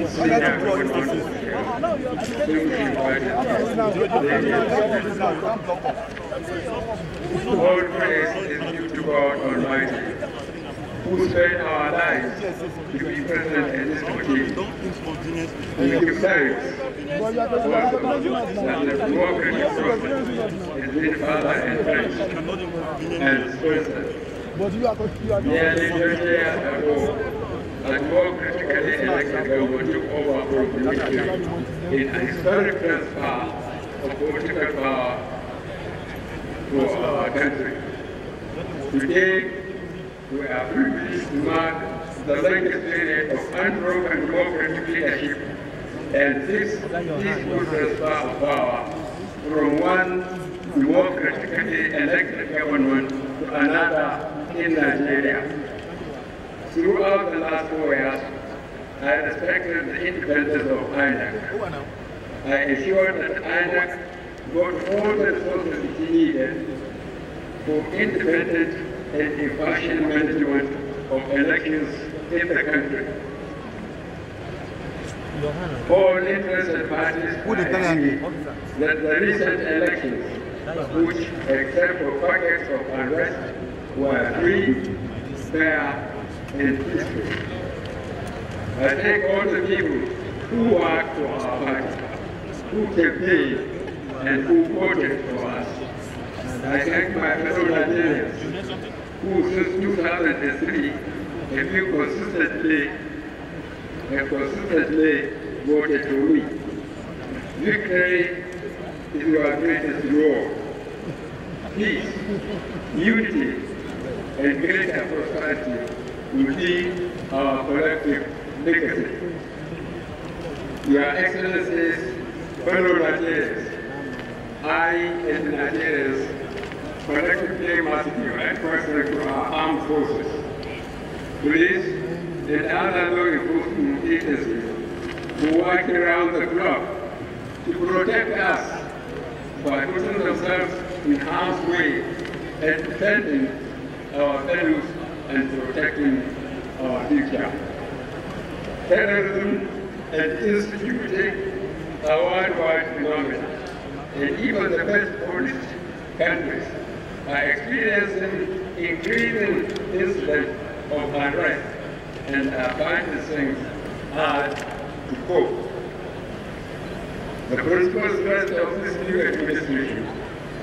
All praise is due to God Almighty, who spent our lives to be present at this meeting. We give thanks for the cooperative process has been further enriched and strengthened. Nearly 20 years ago, that all critically elected government took over from the military in a historical path of political power for our country. Today, we are privileged to mark the latest period of unbroken democratic leadership and this peaceful transfer of power from one democratically elected government to another in Nigeria. Throughout the last four years, I respected the independence of INEC. I assured that INEC got all the resources it needed for independent and impartial management of elections in the country. All interested parties agree that the recent elections, which, except for pockets of unrest, were free, fair, I thank all the people who work for our party, who campaigned, and who voted for us. I thank my fellow Nigerians who since 2003 have been consistently and consistently voted for me. Victory is your greatest reward. Peace, unity, and greater prosperity within our uh, collective legacy. Your Excellencies, fellow Nigerians, I and the Nigerians collectively must give expression to our armed forces. Police the other law enforcement agencies who work around the clock to protect us by putting themselves in harm's way and defending our values and protecting our future. Terrorism and insecurity are worldwide phenomena, and even the best policed countries are experiencing increasing incidents of unrest and are finding things hard to cope. The principal thrust of this new administration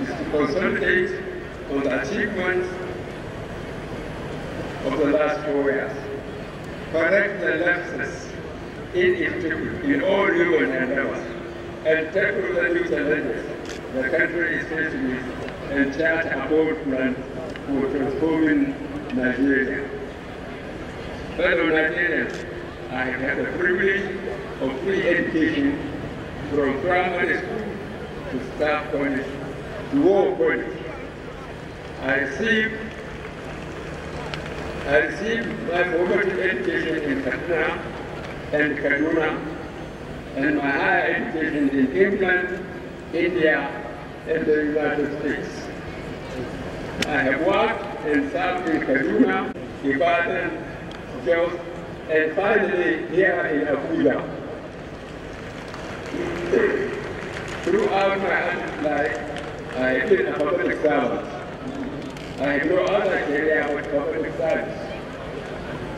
is to consolidate on the achievements of the last four years. Correct the lapses in, in all human endeavors and tackle the new challenges the country is facing with and chart a bold plan for transforming Nigeria. Fellow Nigerians, I have had the privilege of free education from primary school to staff college to war college. I see. I received my formative education in Patna and Kaduna and my higher education in England, India and the United States. I have worked and served in Kaduna, Ibadan, Jos, and finally here in Abuja. Throughout my life, I have been a public servant. I know other area with public service.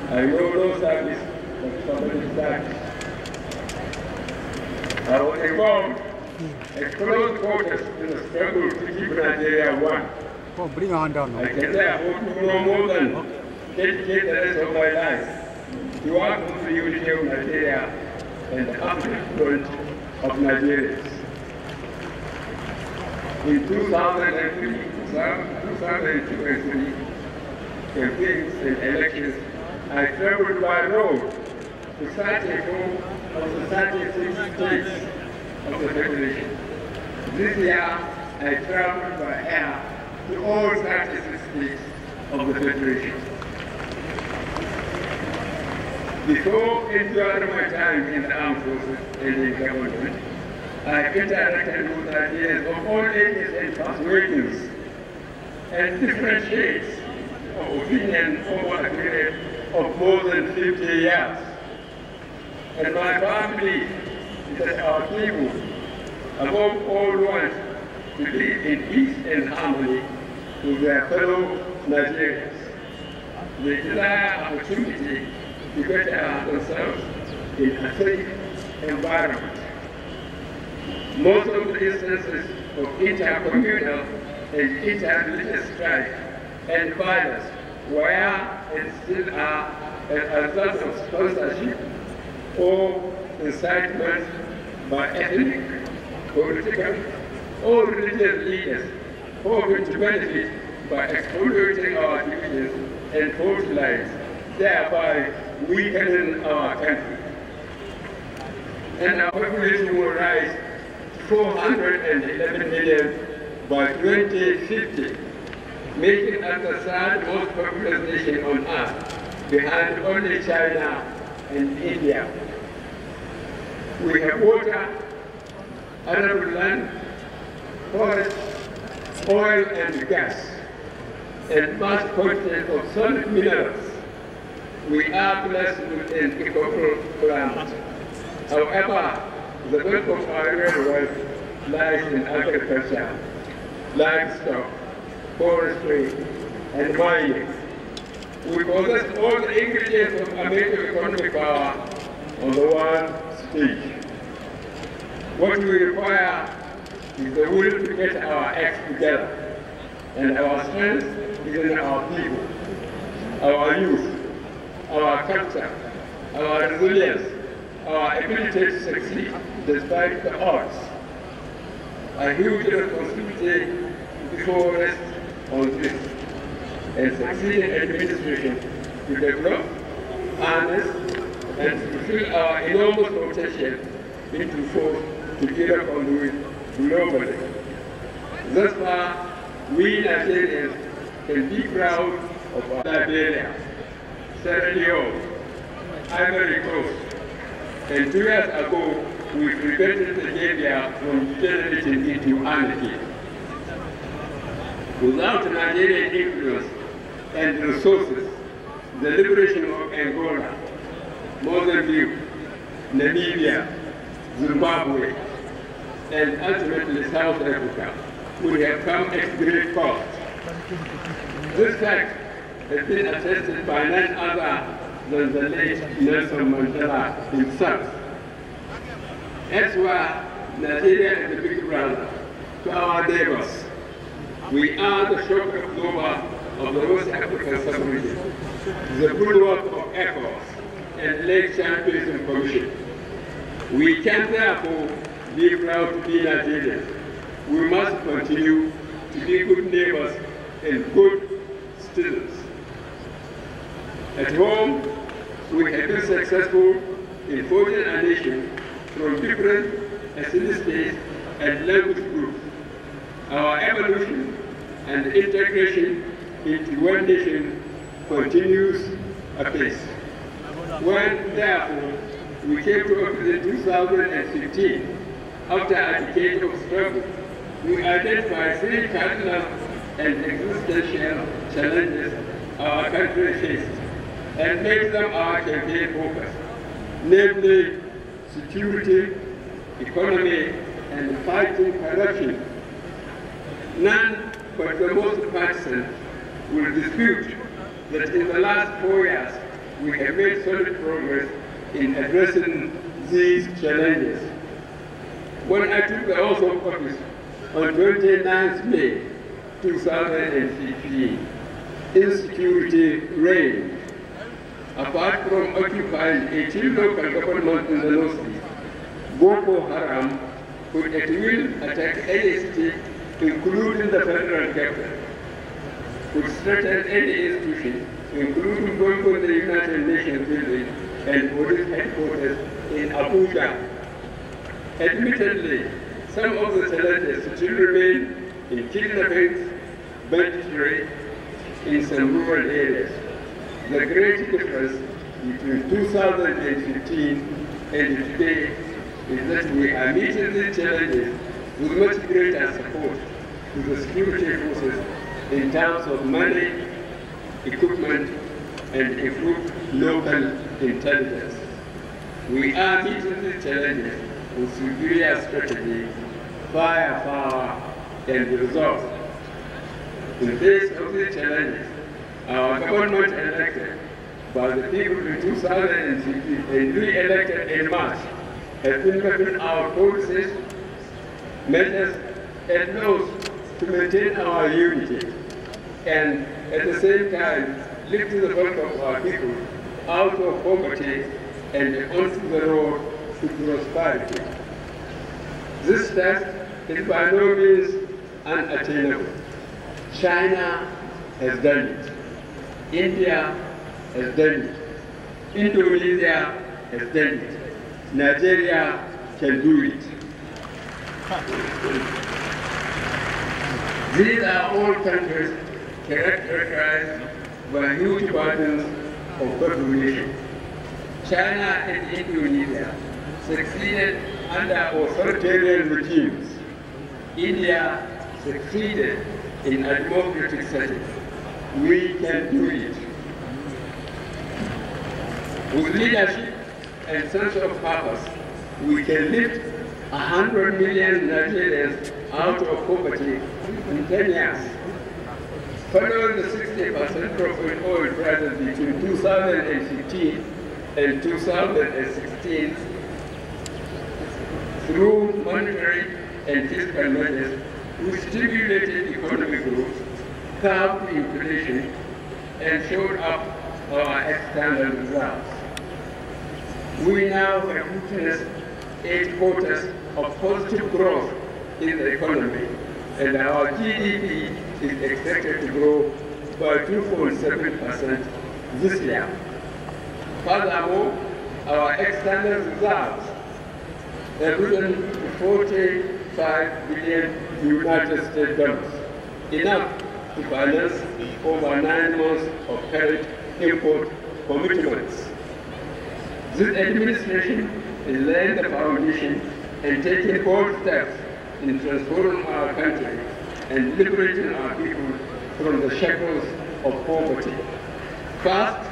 I know no service with public service. I was involved in close quarters in the struggle to keep Nigeria one. Oh, bring on down now. I can say I hope to know more than okay. dedicate the rest of my life to work for the unity of Nigeria and the upliftment of Nigerians. In 2003, Sunday University campaigns and elections, I traveled by road to Sunday home of the Sunday six of the Federation. This year, I traveled by air to all Sunday states of the Federation. Before entering my time in the armed forces and in government, I interacted with ideas of all ages and persuasions and different shades of opinion over a period of more than 50 years. And my family is that our people, above all, ones, to live in peace and harmony with their fellow Nigerians. They desire opportunity to better themselves in a safe environment. Most of the instances of intercommunal and it and religious strife and violence, where it still are a result of sponsorship or incitement by ethnic, political, or religious leaders hoping to benefit by exploiting our divisions and false lives, thereby weakening our country. And our population will rise 411 million by 2050, making us the third most populous nation on earth, behind only China and India. We have water, arable land, forest, oil and gas, and vast quantities of solid minerals. We are blessed with an equable climate. However, the bulk of our real wealth lies in agriculture livestock, forestry, and mining. We possess all the ingredients of a major economic power on the world stage. What we require is the will to get our acts together, and our strength is in our people, our youth, our culture, our resilience, our ability to succeed despite the odds a huge responsibility before us on this and succeeding administration to develop, harness, and fulfill our enormous potential into force together with globally. Thus far, we Nigerians can be proud of our Liberia, Sierra Leone, Ivory Coast, and two years ago, we prevented Nigeria from degenerating into anarchy. Without Nigerian influence and resources, the liberation of Angola, Mozambique, Namibia, Zimbabwe, and ultimately South Africa would have come at great cost. This fact has been attested by none other than the late Nelson Mandela himself. That's why Nigeria is the big brother to our neighbors. We are the shock absorber of the West African sub-region, the bulwark of efforts and Lake Champions Commission. We can therefore be proud to be Nigerians. We must continue to be good neighbors and good students. At home, we have been successful in forging a nation from different ethnicities and language groups. Our evolution and integration into one nation continues apace. When, therefore, we came to office in 2015, after a decade of struggle, we identified three cardinal and existential challenges our country faces and made them our campaign focus, namely security, economy, and fighting corruption. None but the most partisan will dispute that in the last four years we have made solid progress in addressing these challenges. When I took the oath of office on 29th May 2015, insecurity reigned apart from occupying 18 local governments in the northeast, Boko Haram could at will attack any state, including the federal capital, could threaten any institution, including going for the United Nations building and police headquarters in Abuja. Admittedly, some of the challenges still remain in kidnappings, banditry, in some rural areas the great difference between 2015 and today is that we are meeting these challenges with much greater support to the security forces in terms of money, equipment, and improved local intelligence. We are meeting these challenges with superior strategy, firepower, and resolve. In face of these challenges, our government elected by the people in 2016 and re-elected in March has been our policies, measures, and laws to maintain our unity and at the same time lift the bulk of our people out of poverty and onto the road to prosperity. This task is by no means unattainable. China has done it. India has done it. Indonesia has done it. Nigeria can do it. These are all countries characterized by huge burdens of population. China and Indonesia succeeded under authoritarian regimes. India succeeded in a democratic setting we can do it. With leadership and sense of purpose, we can lift 100 million Nigerians out of poverty in 10 years. Following the 60% drop in oil prices between 2015 and 2016, through monetary and fiscal measures, we stimulated economic growth calm intuition and showed up our external results. We now have witnessed eight quarters of positive growth in the economy, and our GDP is expected to grow by 2.7% this year. Furthermore, our external results have risen to 45 billion United States dollars, enough to balance over nine months of carriage import commitments. This administration is laying the foundation and taking bold steps in transforming our country and liberating our people from the shackles of poverty. First,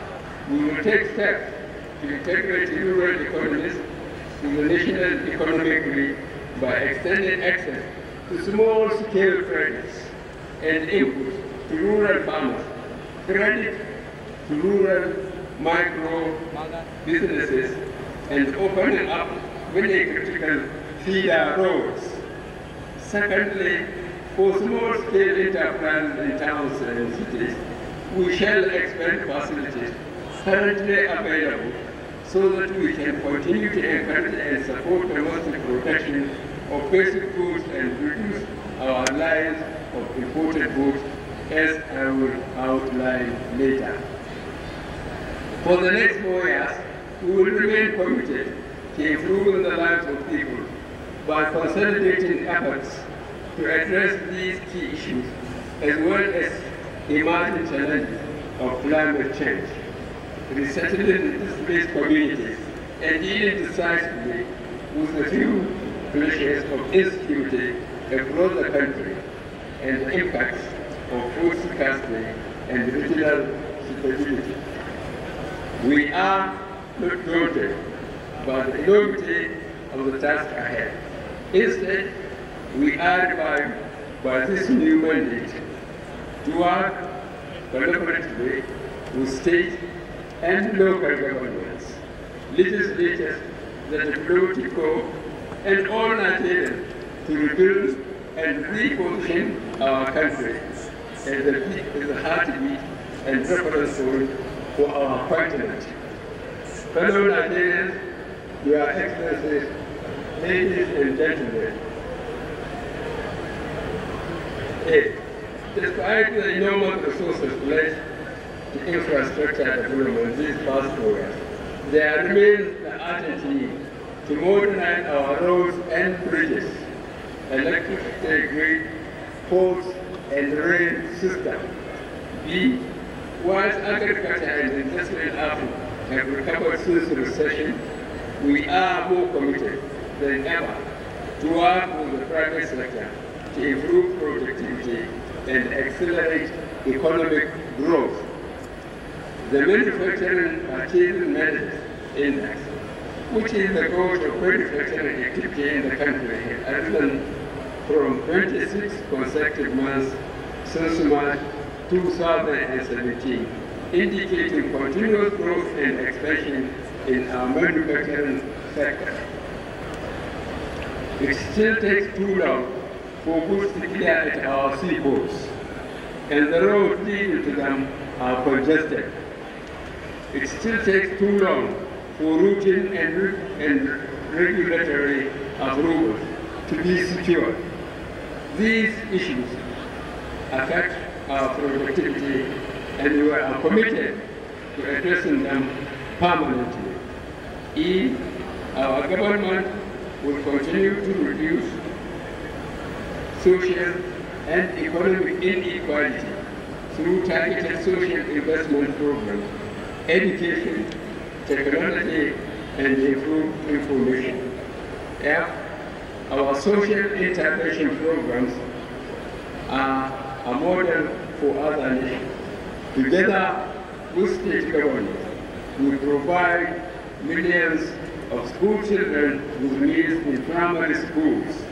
we will take steps to integrate rural economies in the national economic grid by extending access to small-scale credits and inputs to rural farmers, credit to rural micro businesses, and opening up many critical roads. Secondly, for small-scale enterprises in towns and cities, we shall expand facilities currently available so that we can continue to encourage and support the most protection of basic goods and reduce our reliance of imported goods as I will outline later. For the next four years, we will remain committed to improving the lives of people by consolidating efforts to address these key issues as well as emerging challenges of climate change, resettling displaced communities, and dealing decisively with the few pressures of insecurity across the country and the impacts of full security and digital security. We are not daunted by the enormity of the task ahead. Instead, we are revived by this new mandate to work collaboratively with state and local governments, legislators, the diplomatic corps, and all Nigerians to rebuild and reposition our country and the peak is the heartbeat and preference for our continent. Fellow Nigerians, Your Excellencies, ladies and gentlemen, Eight. Despite the enormous resources pledged to infrastructure development these past years. there remains the urgent need to modernize our roads and bridges, electricity grid, ports, and rain system. B. Once agriculture and investment Africa have recovered since the recession, we are more committed than ever to work with the private sector to improve productivity and accelerate economic growth. The manufacturing achievement measures index, which is the goal of manufacturing activity in the country, has been from 26 consecutive months since March 2017, indicating continuous growth and expansion in our manufacturing sector. It still takes too long for goods to clear at our seaports, and the roads leading to them are congested. It still takes too long for routine and, and regulatory approvals to be secured these issues affect our productivity and we are committed to addressing them permanently. E, our government will continue to reduce social and economic inequality through targeted social investment programs, education, technology, and improved information. F, our social integration programs are a model for other nations. Together with state governments, we provide millions of school children with meals in primary schools,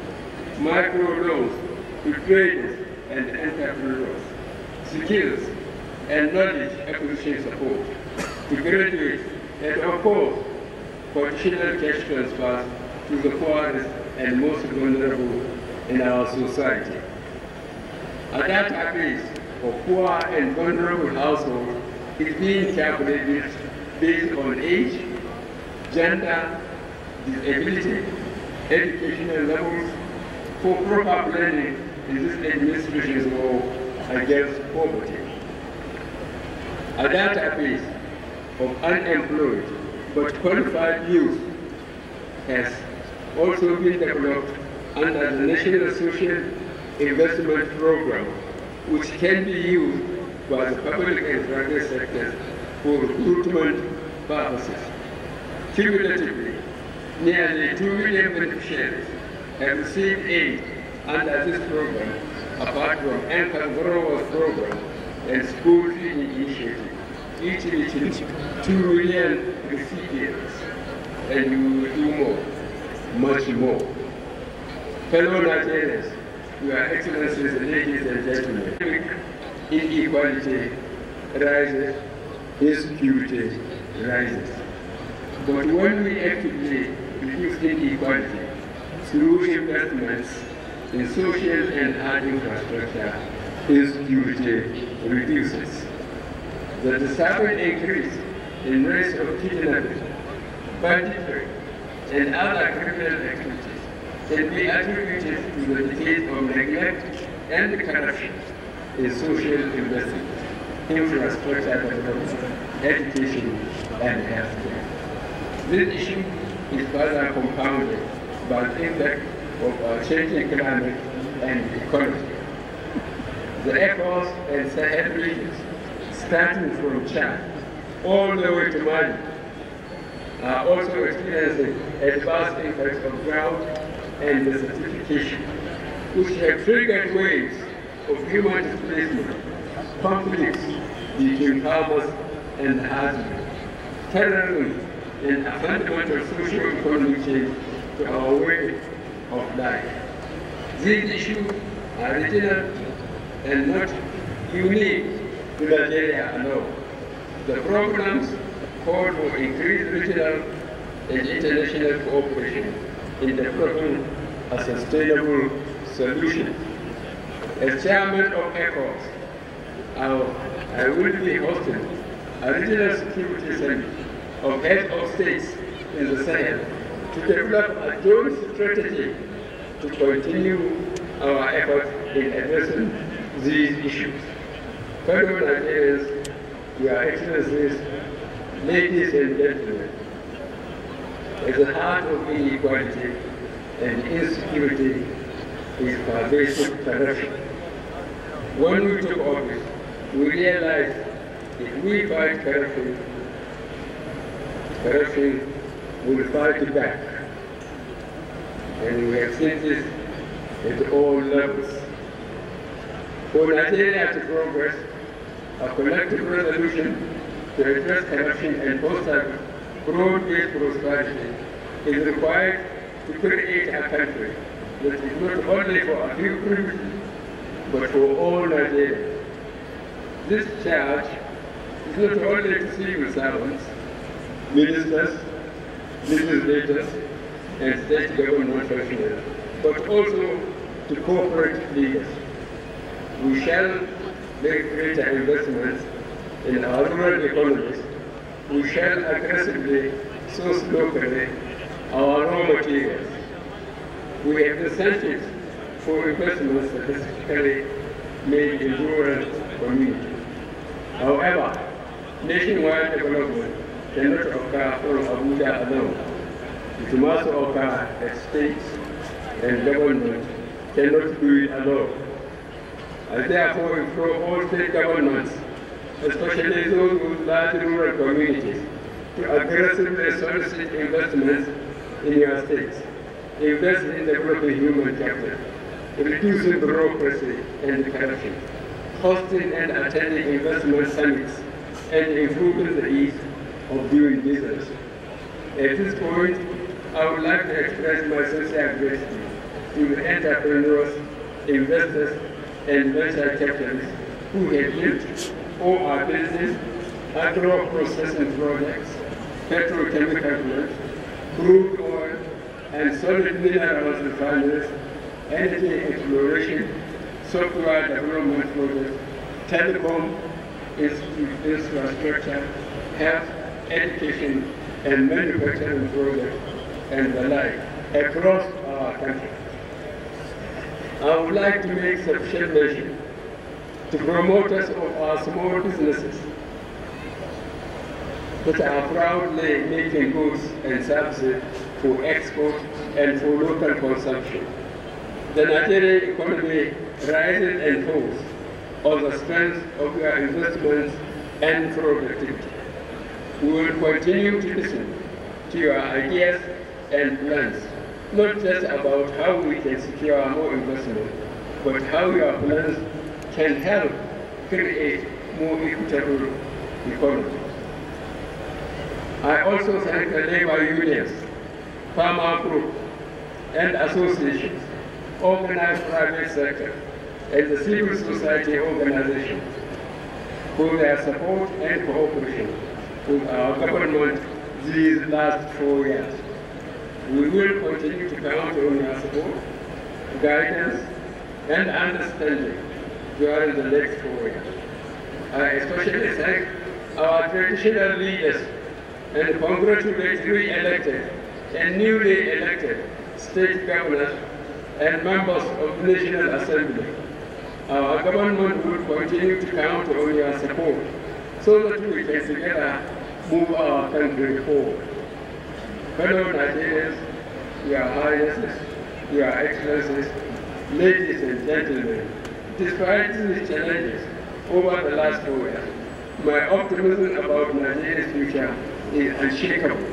microloans to traders and entrepreneurs, skills and knowledge acquisition support to graduates, and of course, conditional cash transfers to the poorest and most vulnerable in our society. At that average for poor and vulnerable households is being calculated based on age, gender, disability, educational levels, for proper planning in this administration's war against poverty. At that database of unemployed but qualified youth has also be developed under the National Social Investment Program, which can be used by the public and private sectors for recruitment purposes. Cumulatively, nearly 2 million beneficiaries have received aid under this program, apart from anchor growers program and school initiative, each reaching 2 million recipients, and we will do more much more. Fellow Nigerians, Your Excellencies, ladies and gentlemen, inequality rises, insecurity rises. But when we actively reduce inequality through investments in social and hard infrastructure, insecurity reduces. The sudden increase in rates of kidnapping, banditry, and other criminal activities can be attributed to the decade of neglect and corruption in social investment, infrastructure development, education, and healthcare. This issue is further compounded by the impact of our changing climate and economy. The efforts and Sahel regions, starting from Chad all the way to Mali, are also experiencing advanced impacts of drought and desertification, which have triggered waves of human displacement, conflicts between farmers and husbandry, terrorism, and a fundamental social economic change to our way of life. These issues are regional and not unique to Nigeria alone. The problems call for increased regional and international cooperation in developing a sustainable solution. As chairman of ECOS, I will be hosting a regional security summit of heads of states in the Sahel to develop a joint strategy to continue our efforts in addressing these issues. Fellow Nigerians, Your Excellencies, Ladies and gentlemen, at the heart of inequality and insecurity is pervasive corruption. When we took office, we realized if we fight corruption, corruption will fight back. And we have seen this at all levels. For Nigeria to progress, a collective resolution to address corruption and foster broad-based prosperity is required to create a country that is not only for a few privileges, but for all Nigerians. This charge is not only to civil servants, ministers, leaders, and state government officials, but also to corporate leaders. We shall make greater investments in our emerging economies, we shall aggressively source locally our raw materials. We have incentives for investments specifically made in rural communities. However, nationwide development cannot occur from Abuja alone. It must occur at states and government cannot do it alone. I therefore implore all state governments especially those with large rural communities, to aggressively solicit investments in your states. Invest in the human capital, reducing bureaucracy and corruption, hosting and attending investment summits, and improving the ease of doing business. At this point, I would like to express my sincere gratitude to the entrepreneurs, investors, and venture capitalists who have lived Oil business, agro-processing projects, petrochemical plants, crude oil and solid minerals refineries, energy exploration, software development projects, telecom infrastructure, health, education, and manufacturing projects, and the like, across our country. I would like to make sufficient mention to promoters of our small businesses that are proudly making goods and services for export and for local consumption. The Nigerian economy rises and falls on the strength of your investments and productivity. We will continue to listen to your ideas and plans, not just about how we can secure more investment, but how your plans can help create more equitable economy. I also thank the labor unions, farmer groups, and associations, organized private sector, and the civil society organizations for their support and cooperation with our government these last four years. We will continue to count on your support, guidance, and understanding during the next four years. I especially thank our traditional leaders and congratulatory elected and newly elected state governors and members of National Assembly. Our government will continue to count on your support so that we can together move our country forward. Fellow Nigerians, Your Highnesses, Your Excellencies, ladies and gentlemen, despite these challenges over the last four years, my optimism about Nigeria's future is unshakable,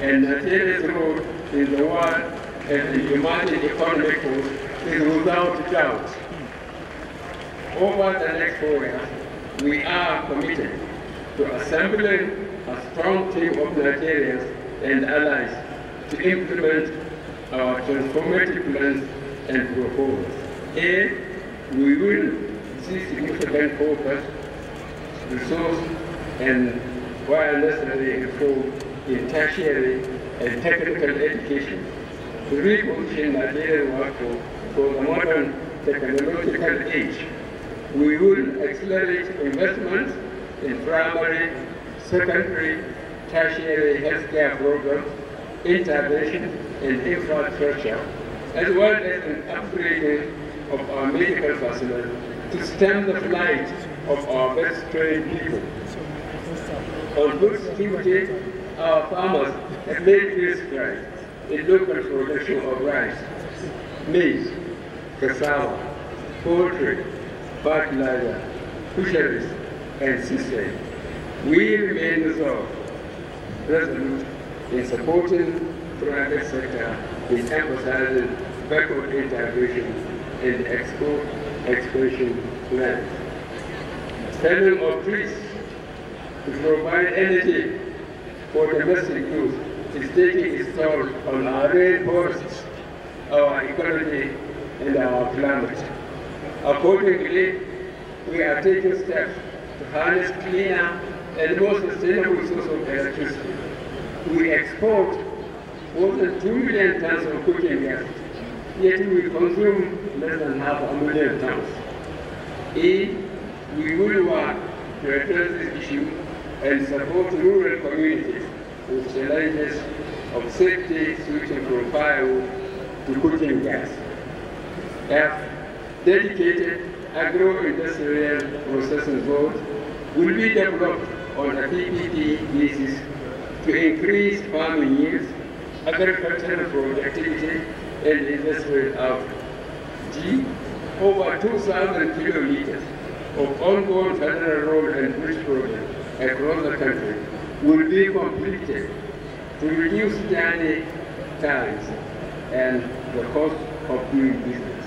and Nigeria's role in the world and the emerging economic growth is without doubt. Over the next four years, we are committed to assembling a strong team of Nigerians and allies to implement our transformative plans and proposals. A, we will see significant in resource, and while necessary reform in tertiary and technical education to reposition Nigerian workforce for the modern technological age. We will accelerate investments in primary, secondary, tertiary healthcare programs, intervention in infrastructure, as well as in upgrading of our medical personnel to stem the flight of our best trained people. On good security, our farmers have made this right in local production of rice, maize, cassava, poultry, fertilizer, fisheries, and seafood. We remain resolved, resolute in supporting private sector in emphasizing backward integration and export expansion plans. Panel of trees to provide energy for domestic use is taking its toll on our rainforests, our economy, and our climate. Accordingly, we are taking steps to harness cleaner and more sustainable sources of electricity. We export more than 2 million tons of cooking gas Yet we consume less than half a million tons. If we will work to address this issue and support rural communities with challenges of safety switching from bio to cooking gas. F, dedicated agro-industrial processing zones will be developed on a PPP basis to increase farming yields, agricultural productivity, and investment of G over 2,000 kilometers of ongoing federal road and bridge projects across the country will be completed to reduce journey times and the cost of doing business.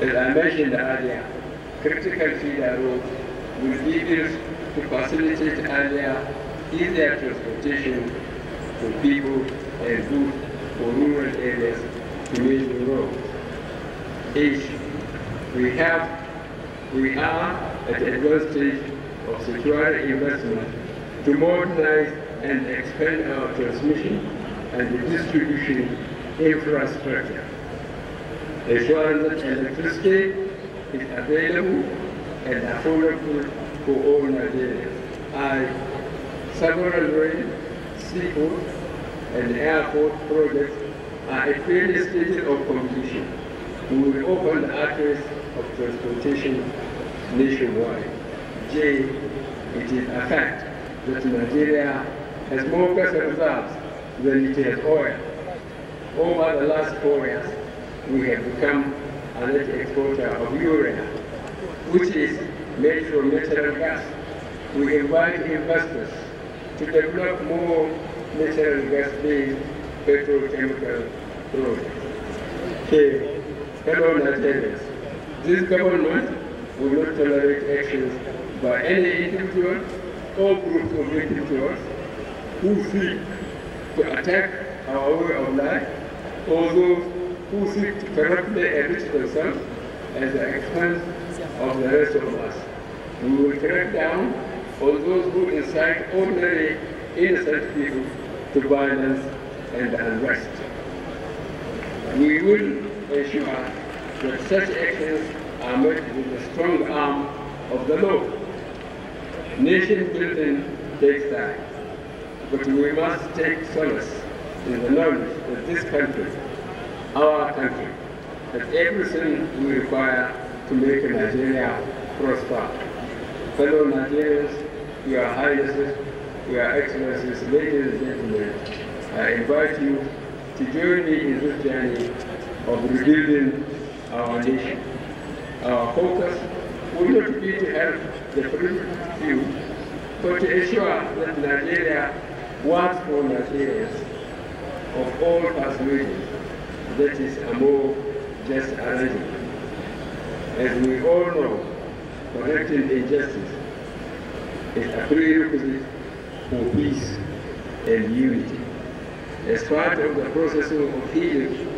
As I mentioned earlier, critical feeder roads will be built to facilitate earlier, easier transportation for people and goods for rural areas with the world is we have we are at the growth stage of secure investment to modernize and expand our transmission and distribution infrastructure. Ensuring that electricity is available and affordable for all Nigerians. I several rail, seafood, and airport projects are a fearless agent of completion will open the arteries of transportation nationwide. J, it is a fact that Nigeria has more gas reserves than it has oil. Over the last four years, we have become a net exporter of urea, which is made from natural gas. We invite investors to develop more natural gas-based petrochemical Okay, fellow Nigerians, this government will not tolerate actions by any individual or group of individuals who seek to attack our way of life or those who seek to corruptly enrich themselves at the expense of the rest of us. We will crack down on those who incite ordinary innocent people to violence and unrest we will ensure that such actions are met with the strong arm of the law. Nation building takes time, but we must take solace in the knowledge that this country, our country, has everything we require to make Nigeria prosper. Fellow Nigerians, your highnesses, your excellencies, ladies and gentlemen, I invite you the journey is a journey of rebuilding our nation. Our focus will not be to help the few, but to ensure that Nigeria was for Nigerians of all persuasions that is a more just arrangement. As we all know, correcting injustice is a prerequisite for peace and unity as part of the process of healing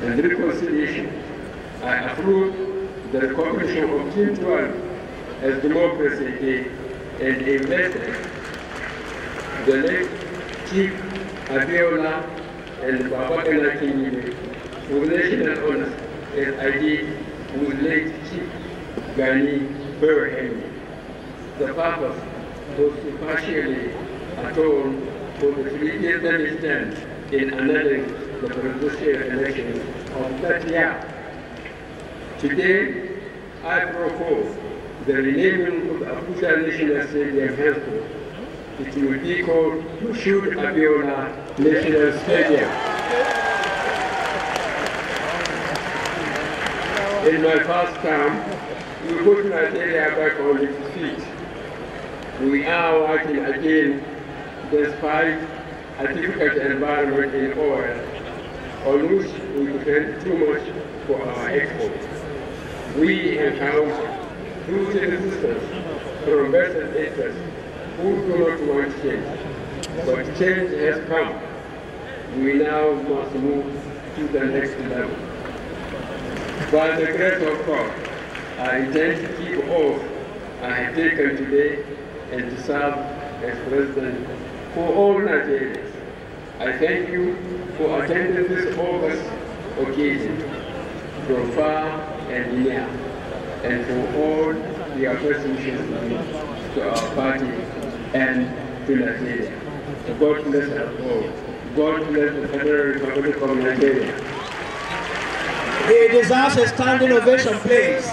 and reconciliation. I approve the recognition of Kim Tuan as Democracy Day and a message the late Chief Abiola and Babakala Kinyibe, who national honors as I did with late Chief Gani Burhemi. The purpose was to partially atone for immediate resistance in annulling the presidential election of that year. Today, I propose the renaming of Abuja National Stadium henceforth. It will be called Mushud Abiola National Stadium. In my first term, we put Nigeria back on its feet. We are working again despite a difficult environment in oil, on which we depend too much for our exports. We have encounter huge resistance from vested interests who do not want change. But change has come. We now must move to the next level. By the grace of God, I intend to keep off. I have taken today and to serve as President for all Nigerians. I thank you for attending this August occasion from far and near, and for all your contributions to our party and to Nigeria. God bless us all. God bless the Federal Republic of Nigeria. He deserves a standing ovation, please.